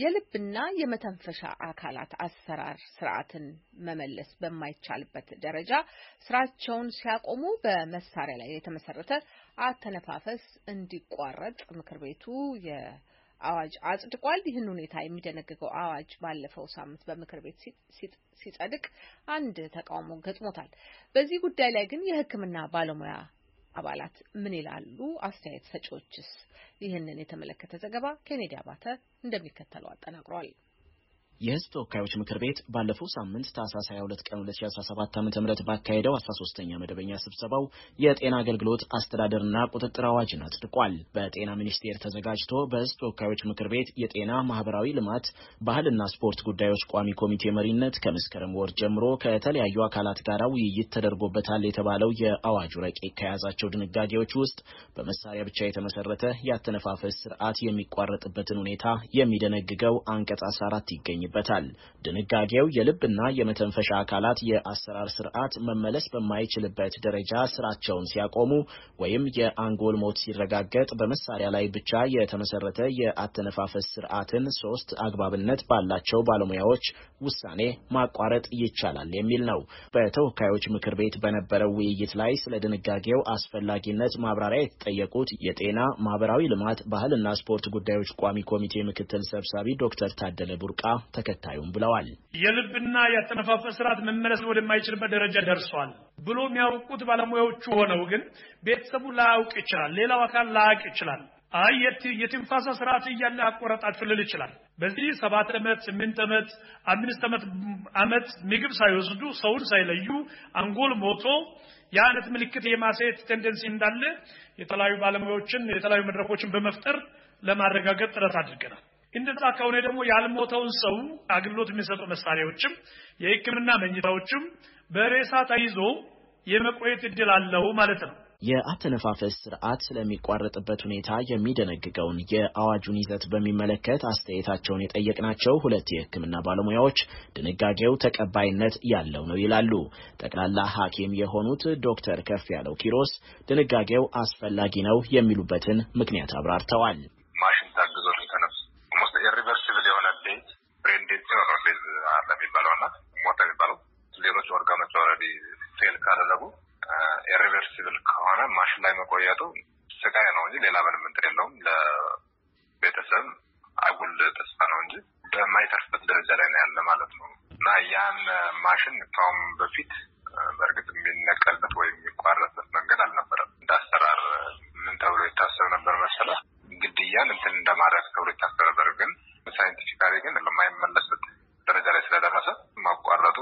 የልብና የመተንፈሻ አካላት አሰራር ስርዓትን መመለስ በማይቻልበት ደረጃ ስራቸውን ሲያቆሙ በመሳሪያ ላይ የተመሰረተ አተነፋፈስ እንዲቋረጥ ምክር ቤቱ አዋጅ አጽድቋል። ይህን ሁኔታ የሚደነግገው አዋጅ ባለፈው ሳምንት በምክር ቤት ሲጸድቅ አንድ ተቃውሞ ገጥሞታል። በዚህ ጉዳይ ላይ ግን የሕክምና ባለሙያ አባላት ምን ይላሉ? አስተያየት ሰጪዎችስ? ይህንን የተመለከተ ዘገባ ኬኔዲ አባተ እንደሚከተለው አጠናቅሯል። የህዝብ ተወካዮች ምክር ቤት ባለፈው ሳምንት ታህሳስ 22 ቀን 2017 ም ባካሄደው 13ኛ መደበኛ ስብሰባው የጤና አገልግሎት አስተዳደርና ቁጥጥር አዋጅን አጽድቋል። በጤና ሚኒስቴር ተዘጋጅቶ በህዝብ ተወካዮች ምክር ቤት የጤና ማህበራዊ ልማት፣ ባህልና ስፖርት ጉዳዮች ቋሚ ኮሚቴ መሪነት ከመስከረም ወር ጀምሮ ከተለያዩ አካላት ጋር ውይይት ተደርጎበታል የተባለው የአዋጁ ረቂቅ ከያዛቸው ድንጋጌዎች ውስጥ በመሳሪያ ብቻ የተመሰረተ የአተነፋፈስ ስርዓት የሚቋረጥበትን ሁኔታ የሚደነግገው አንቀጽ 14 ይገኛል። ይገኝበታል። ድንጋጌው የልብና የመተንፈሻ አካላት የአሰራር ስርዓት መመለስ በማይችልበት ደረጃ ስራቸውን ሲያቆሙ ወይም የአንጎል ሞት ሲረጋገጥ በመሳሪያ ላይ ብቻ የተመሰረተ የአተነፋፈስ ስርዓትን ሶስት አግባብነት ባላቸው ባለሙያዎች ውሳኔ ማቋረጥ ይቻላል የሚል ነው። በተወካዮች ምክር ቤት በነበረው ውይይት ላይ ስለ ድንጋጌው አስፈላጊነት ማብራሪያ የተጠየቁት የጤና ማህበራዊ ልማት፣ ባህልና ስፖርት ጉዳዮች ቋሚ ኮሚቴ ምክትል ሰብሳቢ ዶክተር ታደለ ቡርቃ ተከታዩም ብለዋል። የልብና የአተነፋፈስ ስርዓት መመለስ ወደማይችልበት ደረጃ ደርሷል ብሎ የሚያውቁት ባለሙያዎቹ ሆነው ግን ቤተሰቡ ላያውቅ ይችላል፣ ሌላው አካል ላያውቅ ይችላል። አይ የትንፋሳ ስርዓት እያለ አቆረጣችሁ ልል ይችላል። በዚህ ሰባት ዓመት ስምንት ዓመት አምስት ዓመት ዓመት ምግብ ሳይወስዱ ሰውን ሳይለዩ አንጎል ሞቶ የአይነት ምልክት የማሳየት ቴንደንሲ እንዳለ የተለያዩ ባለሙያዎችን የተለያዩ መድረኮችን በመፍጠር ለማረጋገጥ ጥረት አድርገናል። እንደዛ ከሆነ ደግሞ ያልሞተውን ሰው አገልግሎት የሚሰጡ መሳሪያዎችም የሕክምና መኝታዎችም በሬሳ ተይዞ የመቆየት እድል አለው ማለት ነው። የአተነፋፈስ ስርዓት ስለሚቋረጥበት ሁኔታ የሚደነግገውን የአዋጁን ይዘት በሚመለከት አስተያየታቸውን የጠየቅናቸው ሁለት የህክምና ባለሙያዎች ድንጋጌው ተቀባይነት ያለው ነው ይላሉ። ጠቅላላ ሐኪም የሆኑት ዶክተር ከፍ ያለው ኪሮስ ድንጋጌው አስፈላጊ ነው የሚሉበትን ምክንያት አብራርተዋል። ማሽን ፕሮጀክቶች ኦልሬዲ ፌል ካደረጉ ኢሪቨርሲብል ከሆነ ማሽን ላይ መቆየቱ ስቃይ ነው እንጂ ሌላ ምንም እንትን የለውም። ለቤተሰብ አጉል ተስፋ ነው እንጂ በማይተርፍበት ደረጃ ላይ ነው ያለ ማለት ነው እና ያን ማሽን ካሁን በፊት በእርግጥ የሚነቀልበት ወይም የሚቋረጥበት መንገድ አልነበረም። እንደ አሰራር ምን ተብሎ ይታሰብ ነበር መሰለህ? ግድያን እንትን እንደማድረግ ተብሎ ይታሰብ ነበር። ግን ሳይንቲፊካሊ ግን ለማይመለስበት ደረጃ ላይ ስለደረሰ ማቋረጡ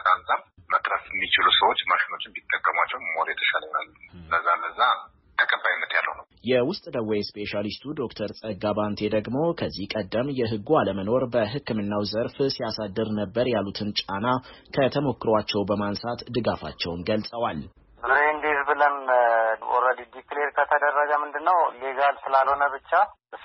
ከደህንነት አንጻር የሚችሉ ሰዎች ማሽኖችን ቢጠቀሟቸው ሞር የተሻለ ይሆናል። ለዛ ለዛ ተቀባይነት ያለው ነው። የውስጥ ደዌ ስፔሻሊስቱ ዶክተር ጸጋ ባንቴ ደግሞ ከዚህ ቀደም የሕጉ አለመኖር በሕክምናው ዘርፍ ሲያሳድር ነበር ያሉትን ጫና ከተሞክሯቸው በማንሳት ድጋፋቸውን ገልጸዋል። ብለን ዲክሌር ከተደረገ ምንድን ነው ሌጋል ስላልሆነ ብቻ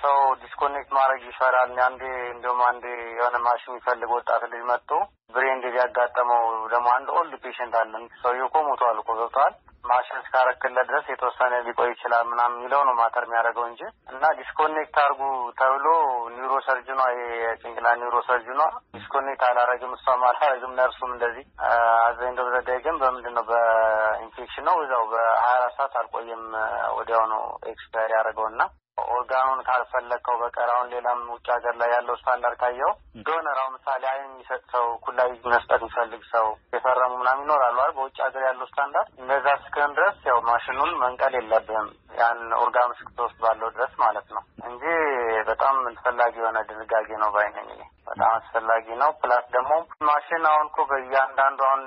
ሰው ዲስኮኔክት ማድረግ ይፈራል። አንዴ እንዲሁም አንዴ የሆነ ማሽን የሚፈልግ ወጣት ልጅ መጥቶ ብሬንድ ዴዝ ያጋጠመው ደግሞ አንድ ኦልድ ፔሽንት አለ። ሰውዬው እኮ ሞቷል እኮ ገብተዋል። ማሽን እስካረክለት ድረስ የተወሰነ ሊቆይ ይችላል ምናምን የሚለው ነው ማተር የሚያደርገው እንጂ እና ዲስኮኔክት አርጉ ተብሎ ኒውሮ ሰርጅኗ የጭንቅላት ኒውሮ ሰርጅኗ ኮኔክት አላረግም፣ እሷም አላረግም፣ ነርሱም እንደዚህ አዘኝ ዶብዘዳይ ግን በምንድን ነው በኢንፌክሽን ነው እዛው በሀያ አራት ሰዓት አልቆየም ወዲያው ነው ኤክስፓየር ያደረገው እና ኦርጋኑን ካልፈለግከው በቀር አሁን ሌላም ውጭ ሀገር ላይ ያለው ስታንዳርድ ካየው ዶነር አሁን ምሳሌ አይን የሚሰጥ ሰው ኩላይ መስጠት የሚፈልግ ሰው የፈረሙ ምናም ይኖራሉ አይደል? በውጭ ሀገር ያለው ስታንዳርድ እነዛ እስክን ድረስ ያው ማሽኑን መንቀል የለብህም ያን ኦርጋኑ እስክትወስድ ባለው ድረስ ማለት ነው እንጂ በጣም አስፈላጊ የሆነ ድንጋጌ ነው ባይነኝ በጣም አስፈላጊ ነው። ፕላስ ደግሞ ማሽን አሁን እኮ በእያንዳንዱ አሁን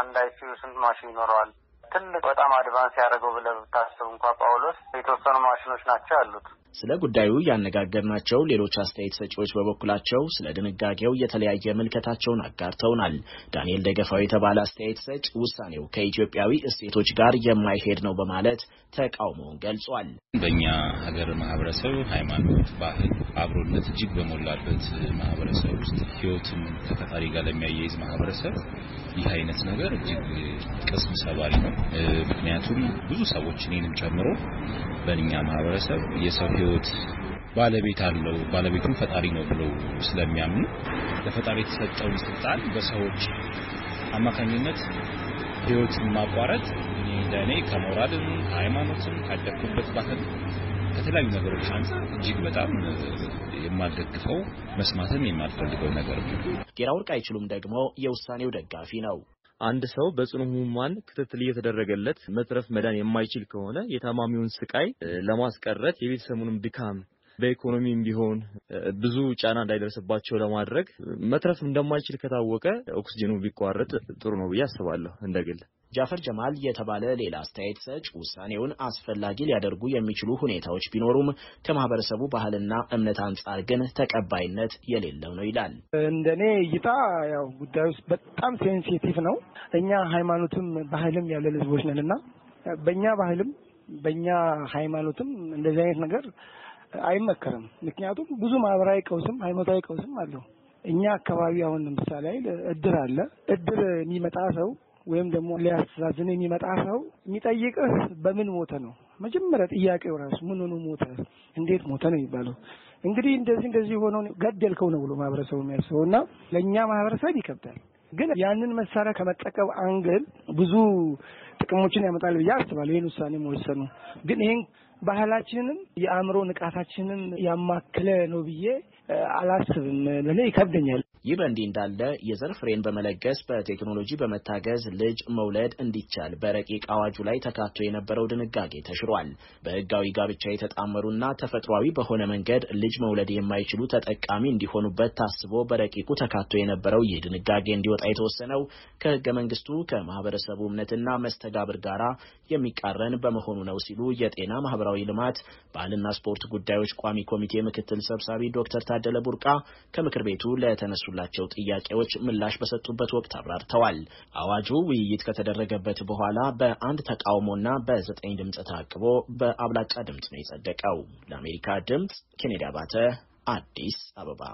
አንድ አይሲዩ ስንት ማሽን ይኖረዋል? ትልቅ በጣም አድቫንስ ያደረገው ብለህ ብታስብ እንኳ ጳውሎስ የተወሰኑ ማሽኖች ናቸው ያሉት ስለ ጉዳዩ ያነጋገርናቸው ሌሎች አስተያየት ሰጪዎች በበኩላቸው ስለ ድንጋጌው የተለያየ ምልከታቸውን አጋርተውናል። ዳንኤል ደገፋው የተባለ አስተያየት ሰጭ ውሳኔው ከኢትዮጵያዊ እሴቶች ጋር የማይሄድ ነው በማለት ተቃውሞውን ገልጿል። በእኛ ሀገር ማህበረሰብ ሃይማኖት፣ ባህል አብሮነት እጅግ በሞላበት ማህበረሰብ ውስጥ ህይወትን ከፈጣሪ ጋር ለሚያያይዝ ማህበረሰብ ይህ አይነት ነገር እጅግ ቅስም ሰባሪ ነው። ምክንያቱም ብዙ ሰዎች እኔንም ጨምሮ በእኛ ማህበረሰብ የሰው ህይወት ባለቤት አለው፣ ባለቤቱም ፈጣሪ ነው ብለው ስለሚያምኑ ለፈጣሪ የተሰጠውን ስልጣን በሰዎች አማካኝነት ህይወትን ማቋረጥ ለእኔ ከሞራልም ከሃይማኖትም ካደግኩበት ባህል ከተለያዩ ነገሮች አንጻር እጅግ በጣም የማልደግፈው መስማትም የማልፈልገው ነገር ነው። ጌራ ወርቅ አይችሉም ደግሞ የውሳኔው ደጋፊ ነው። አንድ ሰው በጽኑ ህሙማን ክትትል እየተደረገለት መትረፍ መዳን የማይችል ከሆነ የታማሚውን ስቃይ ለማስቀረት የቤተሰቡንም ድካም በኢኮኖሚም ቢሆን ብዙ ጫና እንዳይደርስባቸው ለማድረግ መትረፍ እንደማይችል ከታወቀ ኦክስጅኑ ቢቋረጥ ጥሩ ነው ብዬ አስባለሁ እንደግል ጃፈር ጀማል የተባለ ሌላ አስተያየት ሰጭ ውሳኔውን አስፈላጊ ሊያደርጉ የሚችሉ ሁኔታዎች ቢኖሩም ከማህበረሰቡ ባህልና እምነት አንጻር ግን ተቀባይነት የሌለው ነው ይላል። እንደኔ እይታ ያው ጉዳዩ ውስጥ በጣም ሴንሲቲቭ ነው። እኛ ሃይማኖትም ባህልም ያለን ህዝቦች ነን እና በእኛ ባህልም በእኛ ሃይማኖትም እንደዚህ አይነት ነገር አይመከርም። ምክንያቱም ብዙ ማህበራዊ ቀውስም ሃይማኖታዊ ቀውስም አለው። እኛ አካባቢ አሁን ለምሳሌ አይደል እድር አለ። እድር የሚመጣ ሰው ወይም ደግሞ ሊያስተዛዝን የሚመጣ ሰው የሚጠይቅህ በምን ሞተ ነው። መጀመሪያ ጥያቄው ራሱ ምን ሆኖ ሞተ፣ እንዴት ሞተ ነው የሚባለው። እንግዲህ እንደዚህ እንደዚህ ሆኖ ገደልከው ነው ብሎ ማህበረሰቡ የሚያስበው እና ለእኛ ማህበረሰብ ይከብዳል። ግን ያንን መሳሪያ ከመጠቀም አንግል ብዙ ጥቅሞችን ያመጣል ብዬ አስባለሁ። ይህን ውሳኔ መወሰኑ ግን ይህን ባህላችንንም የአእምሮ ንቃታችንም ያማከለ ነው ብዬ አላስብም። ለእኔ ይከብደኛል። ይህ በእንዲህ እንዳለ የዘር ፍሬን በመለገስ በቴክኖሎጂ በመታገዝ ልጅ መውለድ እንዲቻል በረቂቅ አዋጁ ላይ ተካቶ የነበረው ድንጋጌ ተሽሯል። በህጋዊ ጋብቻ የተጣመሩና ተፈጥሯዊ በሆነ መንገድ ልጅ መውለድ የማይችሉ ተጠቃሚ እንዲሆኑበት ታስቦ በረቂቁ ተካቶ የነበረው ይህ ድንጋጌ እንዲወጣ የተወሰነው ከህገ መንግስቱ ከማህበረሰቡ እምነትና መስተጋብር ጋር የሚቃረን በመሆኑ ነው ሲሉ የጤና ማህበራዊ ልማት ባህልና ስፖርት ጉዳዮች ቋሚ ኮሚቴ ምክትል ሰብሳቢ ዶክተር ታደለ ቡርቃ ከምክር ቤቱ ለተነሱ ለተነሱላቸው ጥያቄዎች ምላሽ በሰጡበት ወቅት አብራርተዋል። አዋጁ ውይይት ከተደረገበት በኋላ በአንድ ተቃውሞና በዘጠኝ ድምፅ ታቅቦ በአብላጫ ድምፅ ነው የጸደቀው። ለአሜሪካ ድምፅ ኬኔዲ አባተ አዲስ አበባ